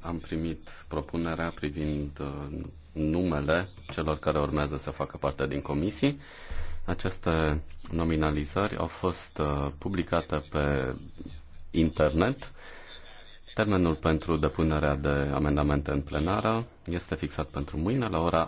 Am primit propunerea privind uh, numele celor care urmează să facă parte din comisii. Aceste nominalizări au fost uh, publicate pe internet. Termenul pentru depunerea de amendamente în plenară este fixat pentru mâine la ora